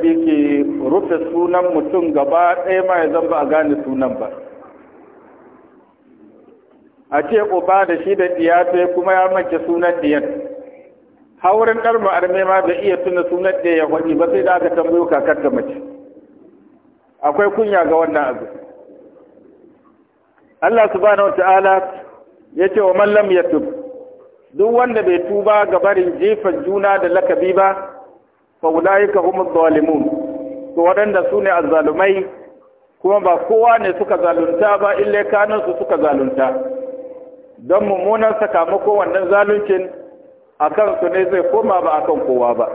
bi ke rufe sunan mutum gaba ɗaya ma ya zan ba a gane sunan ba a ce uba da shi da ɗiya kuma ya mace sunan ɗiyan haurin ɗar ma'arme ma bai iya tuna sunan ɗaya ya faɗi ba sai da aka tambayo kakar ta mace akwai kunya ga wannan abu Allah subhanahu wata'ala ya ce wa mallam ya tub duk wanda bai tuba ga barin jefa juna da lakabi ba fa ulaika humuz zalimun to waɗanda su ne azzalumai kuma ba kowa ne suka zalunta ba illa kanansu suka zalunta don mummunan sakamako wannan zaluncin a kansu ne zai koma ba akan kowa ba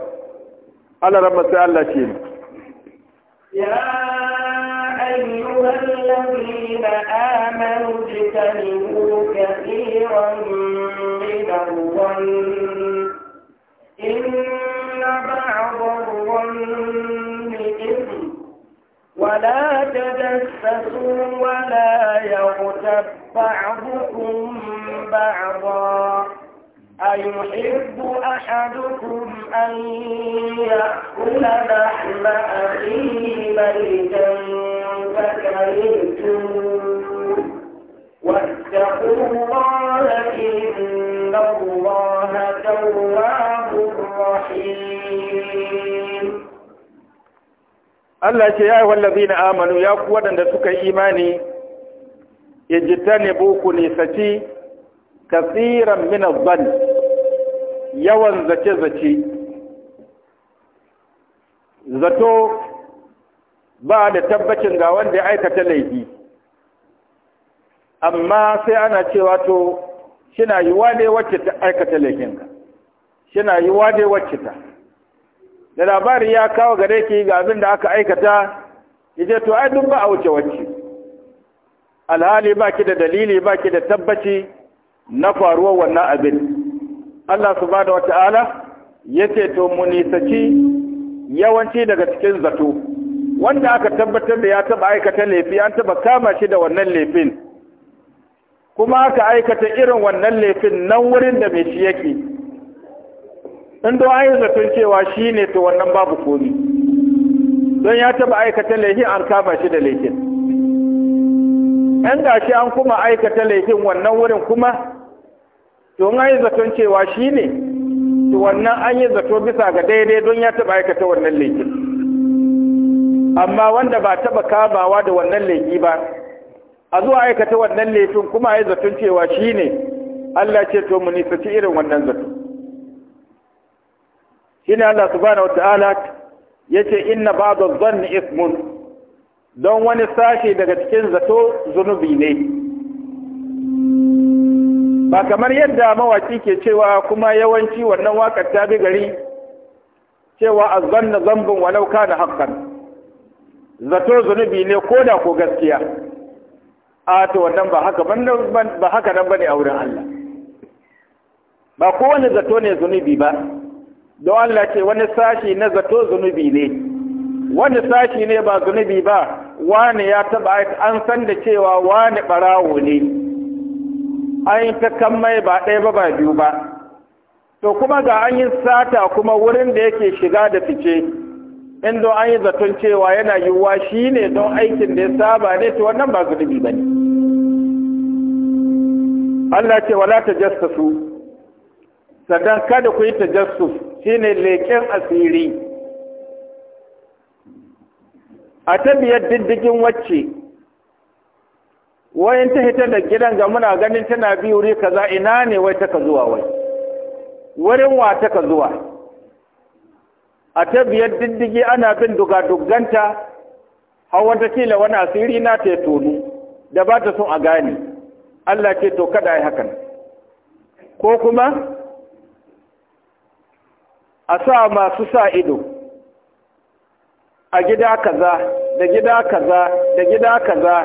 Allah rabba sai Allah ce ni ya ayyuhallazina amanu kathiran min ولا تجسسوا ولا يغتب بعضكم بعضا أيحب أحدكم أن يأكل لحم أخيه ميتا فكرهتم واتقوا الله إن الله تواب Allah ce ya yi wallazi na amanu ya ku waɗanda suka yi imani ya jita ne ku nisaci kasiran mina zan yawan zace-zace zato ba da tabbacin ga wanda ya aikata laifi amma sai ana cewa to shina yiwa ne wacce ta aikata laifinka kina yi wade wacce da labari ya kawo gare ki ga abin da aka aikata yaje to ai duk ba a wuce wacce alhali ba ki da dalili ba ki da tabbaci na faruwar wannan abin Allah subhanahu wata'ala yace to mu nisaci yawanci daga cikin zato wanda aka tabbatar da ya taba aikata laifi an taba kama shi da wannan laifin kuma aka aikata irin wannan laifin nan wurin da mai shi yake in don an yi zaton cewa shi ne to wannan babu komi don ya taba aikata laifin an kama shi da laifin ɗan gashi an kuma aikata laifin wannan wurin kuma to in yi zaton cewa shi ne to wannan an yi zato bisa ga daidai don ya taba aikata wannan laifin amma wanda ba taba kamawa da wannan laifi ba a zuwa aikata wannan laifin kuma a yi zaton cewa shi ne Allah ce to mu nisanci irin wannan zato shine Allah subhanahu wataala ce inna ba'd adh-dhanni ismun don wani sashi daga cikin zato zunubi ne ba kamar yadda mawaki ke cewa kuma yawanci wannan wakar ta bi gari cewa azanna zambin walau kana haqqan zato zunubi ne ko da ko gaskiya a to wannan ba haka ba haka nan bane a wurin Allah ba kowane zato ne zunubi ba don Allah ce wani sashi na zato zunubi ne wani sashi ne ba zunubi ba wani ya taba an san da cewa wani barawo ne an yi ta kammai ba ɗaya ba ba biyu ba to kuma ga an yi sata kuma wurin da yake shiga da fice in don an yi zaton cewa yana yiwuwa shi ne don aikin da ya saba ne to wannan ba zunubi ba ne Allah ce wala su. sannan kada ku yi ta su. shine leƙen asiri a ta biyar diddigin wacce wayan ta hita da gidan ga muna ganin tana bi wuri kaza ina ne wai taka zuwa wai wurin wa taka zuwa a ta biyar diddigi ana bin dugadugganta hawan ta kila wani asiri na ta tonu da ba ta son a gane Allah ce to kada yi hakan ko kuma a sa masu sa ido a gida kaza da gida kaza da gida kaza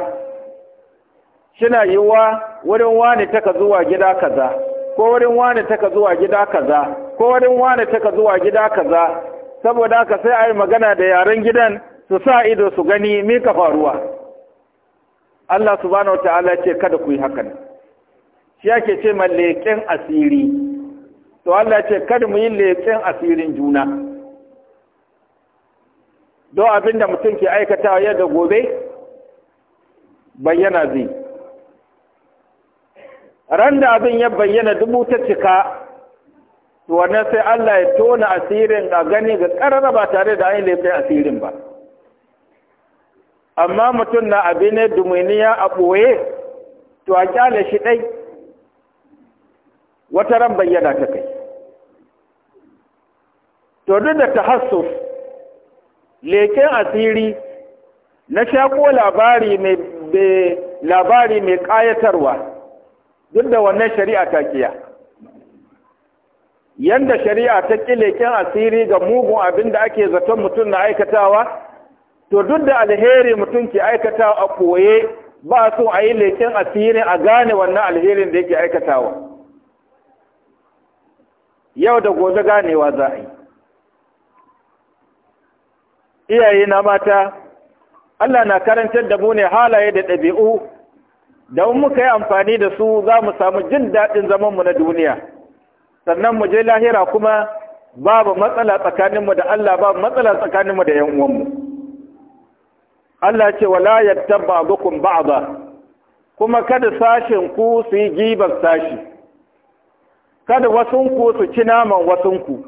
shina yiwuwa wurin wani taka zuwa gida kaza ko wurin wani taka zuwa gida kaza ko wurin wani taka zuwa gida kaza saboda haka sai a yi magana da yaren gidan su sa ido su gani me ka faruwa Allah subhanahu wataala ce kada ku yi hakan shi yake ce malleken asiri to Allah ce kada mu yi leƙen asirin juna don abin da mutum ke aikatawa yau da gobe bayyana zai ran da abin ya bayyana dubu ta cika to wannan sai Allah ya tona asirin a gani ga ƙarara ba tare da an yi leƙen asirin ba amma mutum na abin ne a ɓoye to a kyale shi ɗai wata ran bayyana ta kai to duk da tahassuf leken asiri na shako labari mai labari mai ƙayatarwa duk da wannan shari'a ta kiya yanda shari'a ta ƙi leken asiri ga mugun abin da ake zaton mutum na aikatawa to duk da alheri mutum ke aikatawa a koye ba so a yi leken asirin a gane wannan alherin da yake aikatawa yau da gobe ganewa za yi iyaye na mata Allah na karantar da mu ne halaye da ɗabi'u da muka yi amfani da su za mu samu jin daɗin zamanmu na duniya sannan mu je lahira kuma babu matsala tsakaninmu da Allah babu matsala tsakaninmu da 'yan uwanmu Allah ce wala yattaba ba'a ba, kuma kada sashin ku su yi gibar sashi kada wasunku su ci naman wasunku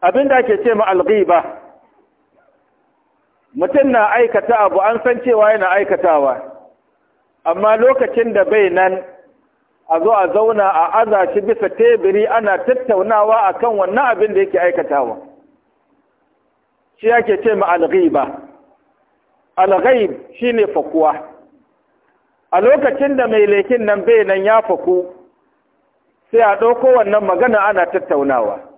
abin da ake ce ma mutum na aikata abu an san cewa yana aikatawa amma lokacin da bai nan a zo a zauna a aza bisa tebiri ana tattaunawa a kan wannan abin da yake aikatawa shi yake ce ma alghiba shi ne fakuwa a lokacin da mai lekin nan bai nan ya faku sai a ɗauko wannan magana ana tattaunawa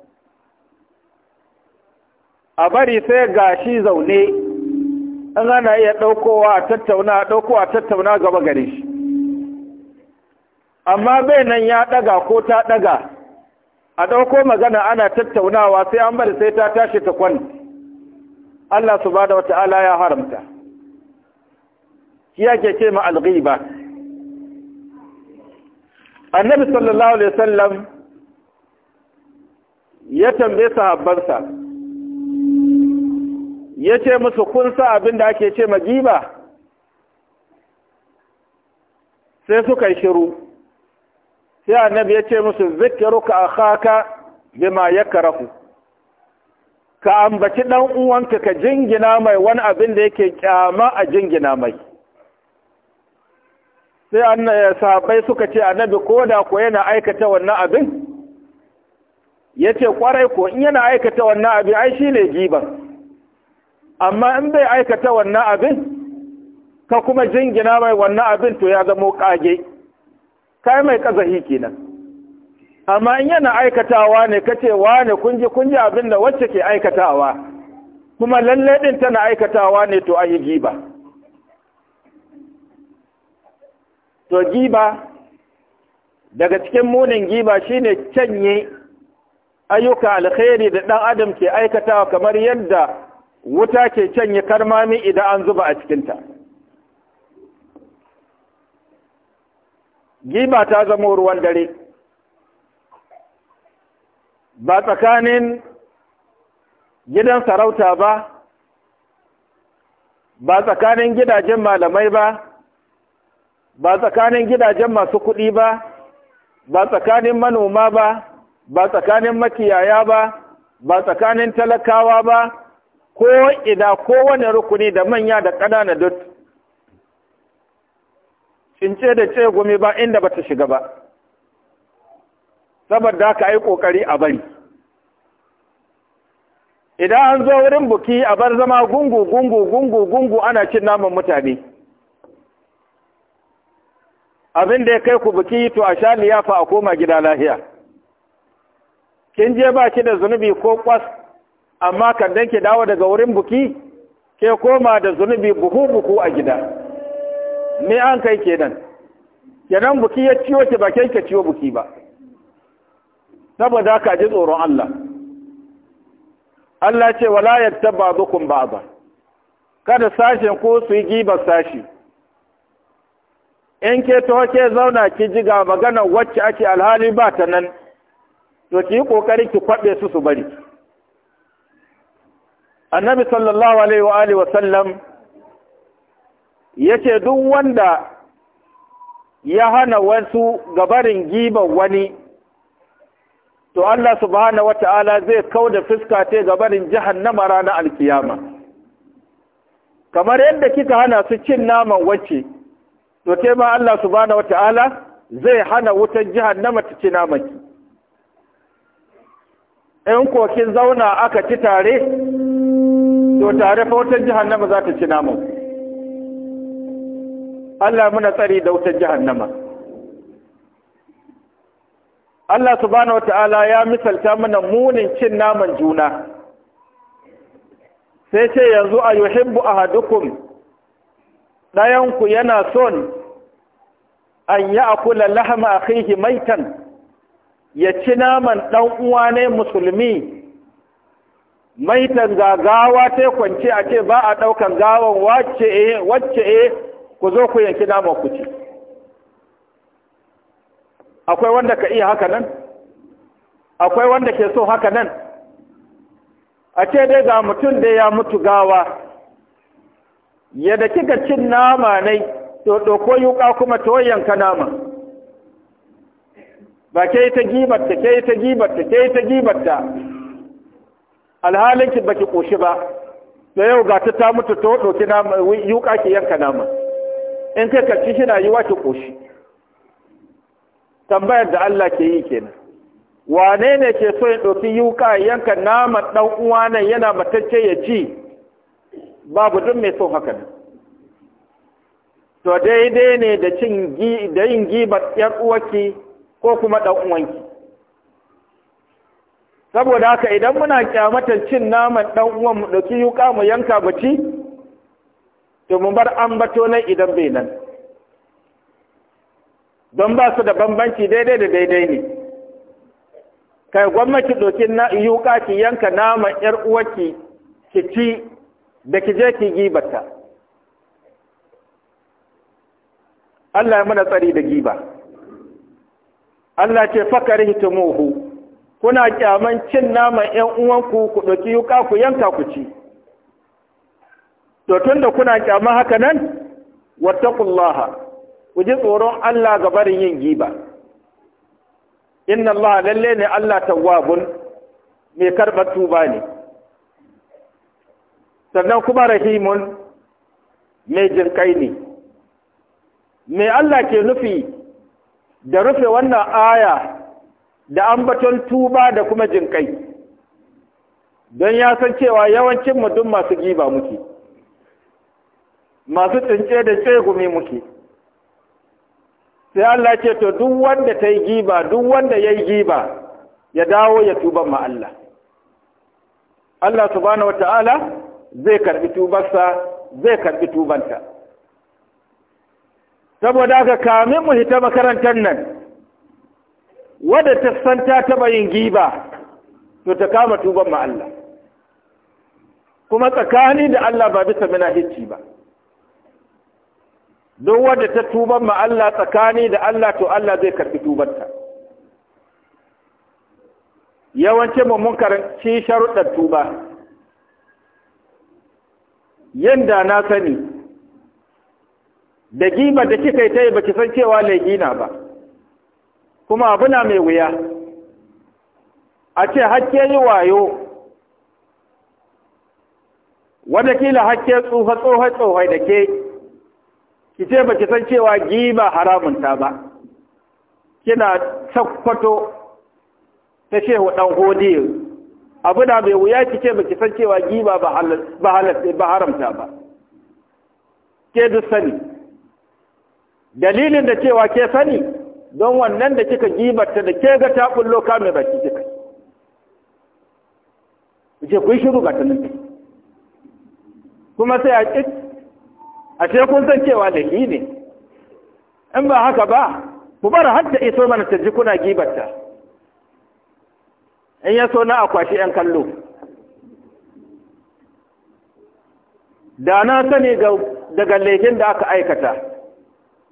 a bari sai gashi zaune in ana iya ɗaukowa tattauna ɗaukowa tattauna gaba gare shi amma bai nan ya ɗaga ko ta ɗaga a ɗauko magana ana tattaunawa sai an bari sai ta tashi ta kwan Allah subhanahu wata'ala ya haramta shi yake ce ma annabi sallallahu alaihi wasallam ya tambaye sahabbansa ya ce musu kun sa abin da ake ce magiba sai suka yi shiru sai annabi ya ce musu zikiruka akhaka bima yakrahu ka ambaci dan uwanka ka jingina mai wani abin da yake kyama a jingina mai sai sabai suka ce annabi ko da ko yana aikata wannan abin ya ce kwarai ko in yana aikata wannan abin ai shi ne giban amma in bai aikata wannan abin ka kuma jingina mai wannan abin to ya zamo kage kai mai kazahi kenan amma in yana aikatawa ne kace wane kunji kunji abin da wacce ke aikatawa kuma lalle din tana aikatawa ne to ai giba to giba daga cikin munin giba shine canye ayyuka alkhairi da dan adam ke aikatawa kamar yadda wuta ke can yi karmami idan an zuba a cikinta giba ta zama ruwan dare ba tsakanin gidan sarauta ba ba tsakanin gidajen malamai ba ba tsakanin gidajen masu kuɗi ba ba tsakanin manoma ba ba tsakanin makiyaya ba ba tsakanin talakawa ba ko ina kowane rukuni da manya da ƙanana duk ce da ce gumi ba inda ba ta shiga ba saboda haka ai ƙoƙari a bari idan an zo wurin buki a bar zama gungu gungu gungu gungu ana cin naman mutane abin da ya kai ku buki to a sha liyafa a koma gida lahiya kin je ba shi da zunubi ko kwas amma kan dan ki dawo daga wurin buki ke koma da zunubi buhu buku a gida me an kai kenan kenan buki ya ciwo ki ba kai ka ciwo buki ba saboda ka ji tsoron Allah Allah ce wala yattaba ba ba'da kada sashen ko su yi gibar sashi in ke taho ke zauna ki ji ga magana wacce ake alhali ba ta nan to ki yi kokari ki kwaɓe su su bari annabi sallallahu alaihi wa alihi wa sallam yace duk wanda ya hana wasu gabarin giban wani to Allah subhanahu Ta'ala zai kauda fuska ta gabarin jahannama ranar alkiyama kamar yadda kika hana su cin naman wacce to ma Allah subhanahu Ta'ala zai hana wutan jahannama ta ci naman ki in kokin zauna aka ci tare to tare fa wutar jahannama za ta ci namu Allah muna tsari da wutar jahannama Allah subhanahu wata'ala ya misalta mana munin cin naman juna sai ce yanzu a yuhibbu ahadukum ɗayanku yana son an yi akula lahama akhihi maitan ya ci naman ɗan uwa ne musulmi maitan gagawa ta kwance a ce ba a ɗaukan gawan wacce e wacce e ku zo ku yanki naman ku ci akwai wanda ka iya haka nan akwai wanda ke so haka nan a ce dai ga mutum da ya mutu gawa yadda kika cin nama ne to ɗauko yuƙa kuma to yanka nama ba ke ta gibarta ke ta gibarta ke ta gibarta alhalin ki ƙoshi koshi ba da yau ga ta ta mutu ta doki nama yuka ki yanka nama in kai karci shi na yiwa ki koshi tambayar da Allah ke yi kenan wane ne ke so ya ɗauki yuka yanka naman ɗan uwa nan yana matacce ya ci babu duk mai son haka nan to daidai ne da cin da yin gibar ƴar uwarki ko kuma ɗan uwanki saboda haka idan muna kyamatar cin naman ɗan uwan mu ɗauki yuka mu yanka mu ci to mu bar ambato nan idan bai nan don ba su da bambanci daidai da daidai ne kai gwamnati ɗauki na yuka ki yanka naman ƴar uwarki ki ci da ki je ki gibata Allah ya mana tsari da giba. Allah ce fakarihitumuhu kuna kyaman cin naman ƴan uwanku ku ɗauki yuka ku yanka ku ci to tunda kuna kyaman haka nan kullaha, ku ji tsoron Allah ga barin yin giba inna Allah lalle ne Allah tawwabun mai karɓar tuba ne sannan kuma rahimun mai jinkai ne me Allah ke nufi da rufe wannan aya da ambaton tuba da kuma jinƙai don ya san cewa yawancin mutum masu giba muke masu tsince da tsegumi muke sai Allah ce to duk wanda ta yi giba duk wanda ya yi giba ya dawo ya tuba ma Allah Allah subhanahu wa ta'ala zai karbi tubarsa zai karbi tubanta saboda haka kamin mu hita makarantar nan wadda ta san ta taɓa yin giba to ta kama tuban ma Allah kuma tsakani da Allah ba bisa mina hicci ba don wadda ta tuban ma Allah tsakani da Allah to Allah zai karɓi tubarta yawancin mu mun karanci sharuɗar tuba yanda na sani da gima da kika yi ta yi ba ki san cewa laihina ba kuma abuna mai wuya a ce hakke yi wayo watakila hakke tsohon tsohon tsohon da ke ki ce ba ki san cewa haramun ta ba kina tsakwato ta shehu dan hodiyo abu da mai wuya ki ce ba ki san cewa gima ba haramta ba ke duk sani dalilin da cewa ke sani don wannan da kika gibarta da ke ga ta bullo ka mai baki kika ce ku yi shiru ga ta kuma sai a ƙi a ce kun san cewa da ne in ba haka ba ku bar har da iso mana ta ji kuna gibarta in ya so na akwashi 'yan kallo da na sani daga laifin da aka aikata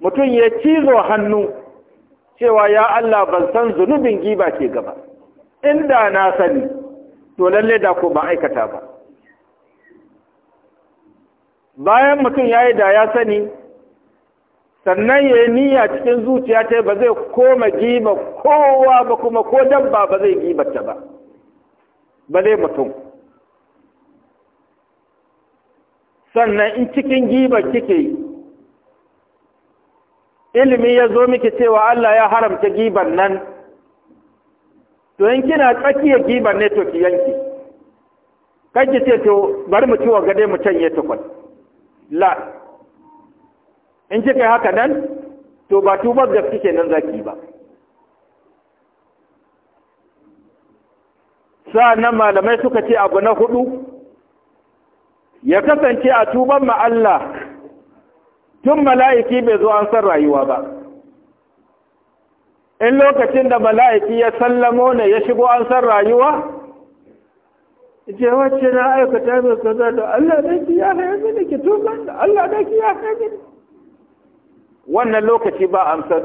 mutum ya cizo hannu cewa ya Allah ban san zunubin giba ke gaba inda na sani to lalle da ko ba aikata ba bayan mutum ya yi da ya sani sannan ya yi niyya cikin zuciya ta ba zai koma giba kowa ba kuma ko dabba ba zai gibata ba ba zai mutum sannan in cikin giba kike ilimi ya zo miki cewa Allah ya haramta giban nan to in kina tsakiya giban ne to ki yanki kan ki ce to bari mu ci wa gade mu canye tukun la in ji kai haka nan to ba tubar da suke nan zaki ba sa'annan malamai suka ce abu na hudu ya kasance a tuban ma Allah tun mala'iki bai zo an san rayuwa ba in lokacin da mala'iki ya sallamo ne ya shigo an san rayuwa jewacce na aikata mai kaza da Allah da ki ya haya mini ki tuban da Allah da ki ya haya mini wannan lokaci ba amsar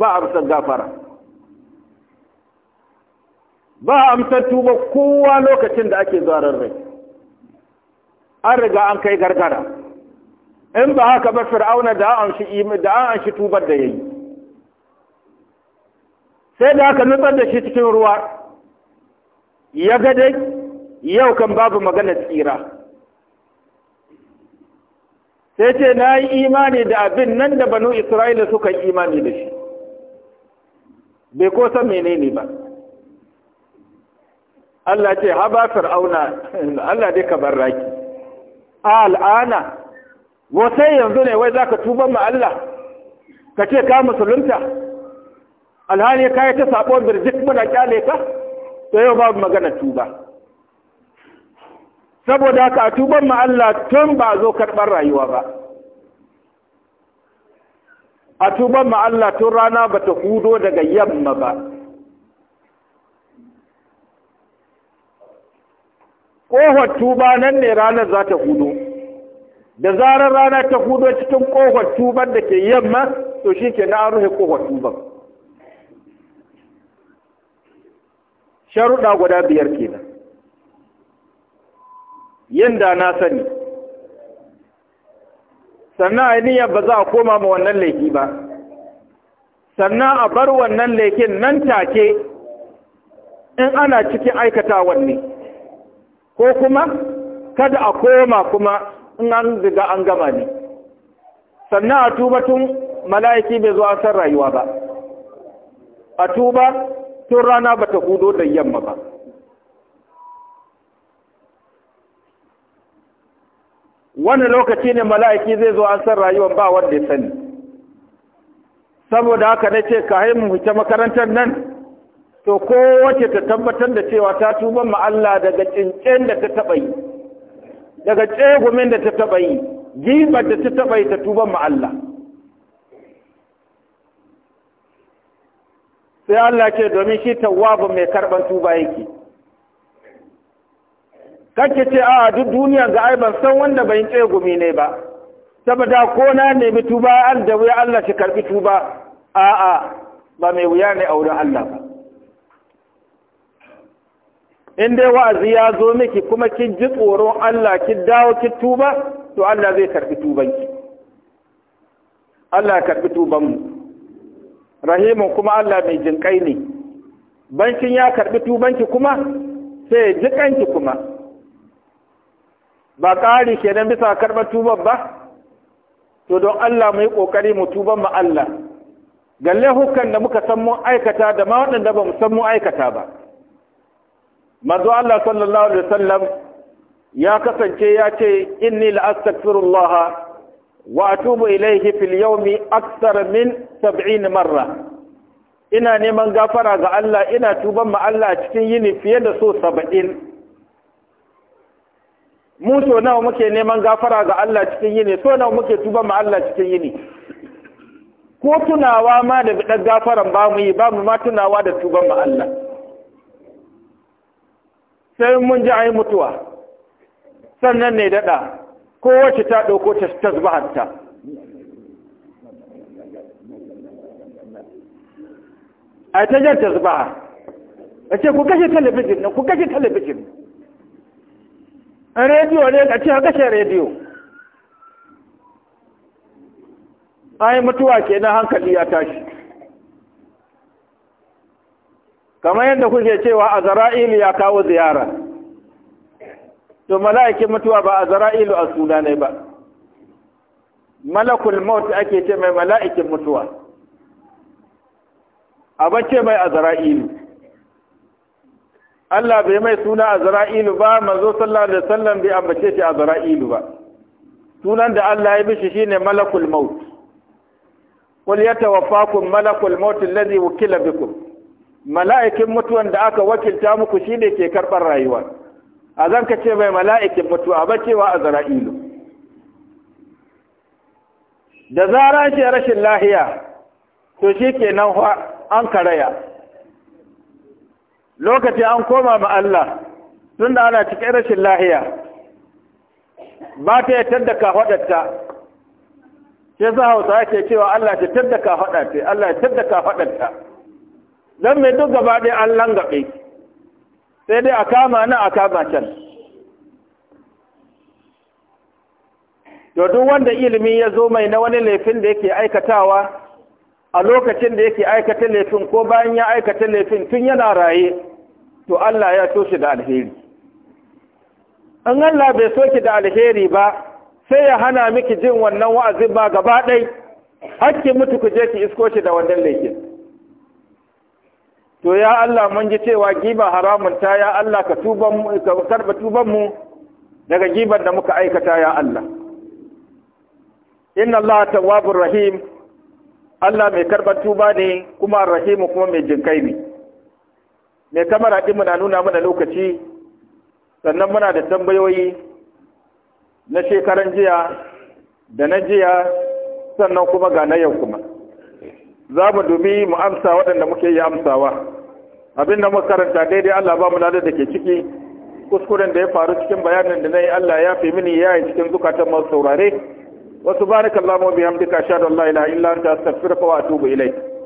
ba amsar gafara ba amsar tuba kowa lokacin da ake zuwa rai an riga an kai gargara in ba haka ba fir'auna da an shi da an shi tubar da yayi sai da aka nutsar da shi cikin ruwa ya ga dai yau kan babu magana tsira sai ce na yi imani da abin nan da banu isra'ila suka yi imani da shi bai ko san menene ba Allah ce haba fir'auna Allah dai ka bar raki al'ana sai yanzu ne wai za ka tuban ma Allah ka ce ka musulunta alhali ka yi ta saɓo birjik muna kyale ka ta yau babu magana tuba saboda ka a tuban ma Allah tun ba zo karɓar rayuwa ba a tuban ma Allah tun rana ba ta hudo daga yamma ba ƙohon tuba nan ne ranar za ta hudo da zarar rana ta hudo cikin kofar tuban da ke yamma to shi ke na rufe kofar tuban sharuɗa guda biyar kenan yin da na sani sannan ainihin ba za a koma ma wannan laifi ba sannan a bar wannan laifin nan take in ana cikin aikata wanne ko kuma kada a koma kuma in an riga an gama ne sannan a tuba tun mala'iki bai zuwa san rayuwa ba a tuba tun rana ba ta hudo da yamma ba wani lokaci ne mala'iki zai zo an san rayuwar ba wanda ya sani saboda haka na ce ka haimu wuce makarantar nan to kowace ta tabbatar da cewa ta tuba ma Allah daga cincin da ta taɓa yi daga tsegumin da ta taɓa yi gibar da ta taɓa yi ta tuban ma Allah sai Allah ce domin shi tawwabu mai karban tuba yake kake ce a duk duniya ga ai ban san wanda bai tsegumi ne ba saboda ko na nemi tuba an da wuya Allah shi karbi tuba a ba mai wuya ne a wurin Allah ba in dai wa'azi ya zo miki kuma kin ji tsoron Allah ki dawo ki tuba to Allah zai karbi tubanki Allah ya karbi tuban mu rahimun kuma Allah mai jinkai ne bankin ya karbi tubanki kuma sai ya ji kanki kuma ba ƙari kenan bisa karɓar tuban ba to don Allah mu yi ƙoƙari mu tuban mu Allah galle hukkan da muka san mun aikata da ma waɗanda ba mu san mun aikata ba manzo Allah sallallahu alaihi wasallam ya kasance ya ce inni la astaghfirullah wa atubu ilayhi fil yawmi akthar min 70 marra ina neman gafara ga Allah ina tuban ma Allah cikin yini fiye da so 70 mu so nawa muke neman gafara ga Allah cikin yini so nawa muke tuban ma Allah cikin yini ko tunawa ma da bidan gafaran ba mu yi ba mu ma tunawa da tuban ma Allah sai mun ji ayi mutuwa sannan ne daɗa kowace ta ɗauko ta tasbahanta a ta jan tasbaha a ce ku kashe talabijin ku kashe talabijin rediyo ne a ce a kashe rediyo an yi mutuwa kenan hankali ya tashi kamar yadda kuke cewa zara'ilu ya kawo ziyara to mala'ikin mutuwa ba zara'ilu a suna ne ba malakul maut ake ce mai mala'ikin mutuwa a bace mai zara'ilu Allah bai mai suna zara'ilu ba manzo sallallahu alaihi wasallam bai ambace shi zara'ilu ba sunan da Allah ya bishi shine malakul maut qul yatawaffakum malakul maut alladhi wukila bikum mala'ikin mutuwan da aka wakilta muku shi ne ke karɓar rayuwa a zan ka ce mai mala'ikin mutuwa ba cewa a zara'ilu da zara shi rashin lahiya to shi ke nan an karaya lokaci an koma ma Allah tun da ana cikin rashin lahiya ba ta tadda da kafaɗarta sai za hausa ke cewa Allah ta tadda da kafaɗarta Allah ya tadda da kafaɗarta don mai duk gaba ɗaya an langaɓe sai dai a kama nan a kama can duk wanda ilimi ya zo mai na wani laifin da yake aikatawa a lokacin da yake aikata laifin ko bayan ya aikata laifin tun yana raye to Allah ya so shi da alheri in Allah bai so ki da alheri ba sai ya hana miki jin wannan wa'azin ba gaba ɗai hakkin mutu ku je ki isko shi da wannan laifin to ya Allah mun ji cewa giba haramun ta ya Allah ka mu karba tuban mu daga giban da muka aikata ya Allah inna Allah tawwabur rahim Allah mai karba tuba ne kuma rahimu kuma mai jinkai ne mai kamara din muna nuna mana lokaci sannan muna da tambayoyi na shekaran jiya da na jiya sannan kuma ga na yau kuma za mu dubi mu amsa waɗanda muke yi amsawa abin da muka karanta daidai Allah ba mu da ke ciki kuskuren da ya faru cikin bayanin da na yi Allah ya fi mini ya yi cikin zukatan masu saurare wasu barakallahu bihamdika ashhadu an la ilaha illa anta astaghfiruka wa atubu ilayk